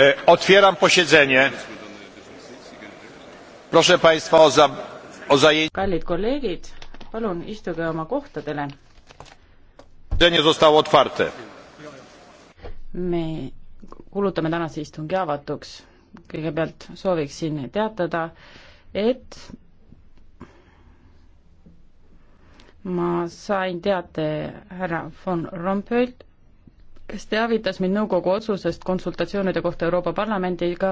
E, otwieram posiedzenie. Proszę Państwa o, za, o zajęcie. Kallid kolleegid, palun istuge oma kohtadele. Posiedzenie zostało otwarte. Me kuulutame tänase istungi avatuks. Kõigepealt sooviksin teatada, et ma sain teate härra von Rompuylt kes teavitas mind nõukogu otsusest konsultatsioonide kohta Euroopa Parlamendiga